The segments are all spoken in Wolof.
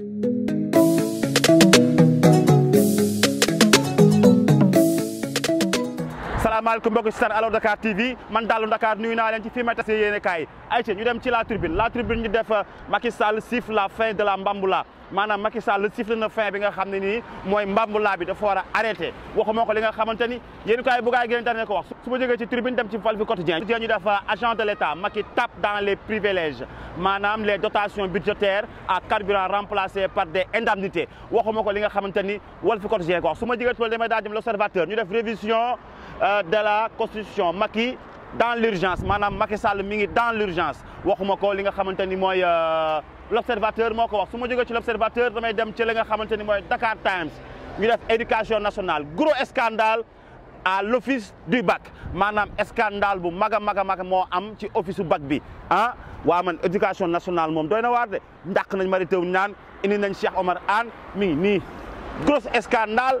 Thank you. asalaamaaleykum mbokk si alors Dakar TV man Dallou Dakar nuyu na len ci fi may tase yéene kaay ayca ñu dem ci la tribune la tribune ñu def euh, Macky Sall siffle la fin de la Mbamboula manam Macky Sall siffle na fin bi nga xam ne moy Mbamboula bi dafa war a arrêté waxuma ko li nga xamanteni yene kay bu gaay gën daan ko wax su ma jógee ci tribune dem ci Walf Quotidien ñu def euh, agent de l'État Macky tape dans les privilèges manam les dotations budgétaires à carburant remplacées par des indemnités waxuma ko li nga xamanteni ni Walf Quotidien ko wax suma ma jógee ci loolu damay daal l'Observateur ñu def révision euh, de la constitution Macky dans l'urgence maanaam Macky Sall mi ngi dans l'urgence waxuma ko li nga xamanteni moy euh, l'observateur moko wax suma joge ci l'observateur damay dem ci li nga xamanteni moy Dakar Times ñu def éducation nationale gros scandale à l'office du bac maanaam scandale bu maga maga maga a am ci office du bac bi ah wa man éducation nationale mom doyna war de ndak nañ Mary Teuw ñaan indi nañ Cheikh Omar Anne mi ni gros scandale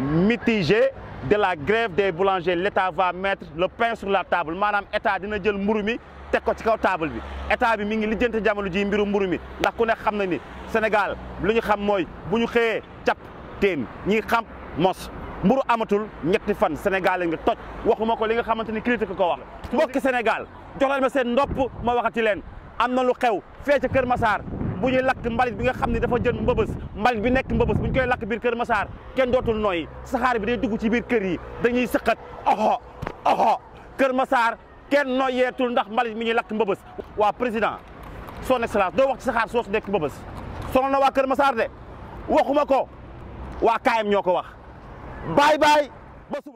mitigé de la grève des boulangers l'État va mettre le pain sur la table madame état dina jël mburu mi teg ko ci kaw table bi état bi mi ngi lijjanti jamono ji mbiru mburu mi ndax ku ne xam na ni Sénégal lu ñu xam moy bu ñu xëyee cap ñi xam mos mburu amatul ñetti fan Sénégal nga toj waxuma ko li nga xamanteni critique ko wax Mbokk Sénégal jox leen ma sen ndopp ma waxati leen amna lu xew fé ci Kër Massar bu ñuy lakk mbalit bi nga xam ne dafa jën mbëbës mbalit bi nekk mbëbës bu ñu koy lakk biir kër Masaar kenn dootul nooyi saxaar bi day dugg ci biir kër yi dañuy sëqat oho oho kër Masaar kenn nooyeetul ndax mbalit mi ñuy lakk mbëbës waa président son excellence doo wax ci soo soosu nekk mbëbës sonal na waa kër Masaar de waxuma ko waa kaayam ñoo ko wax baay baay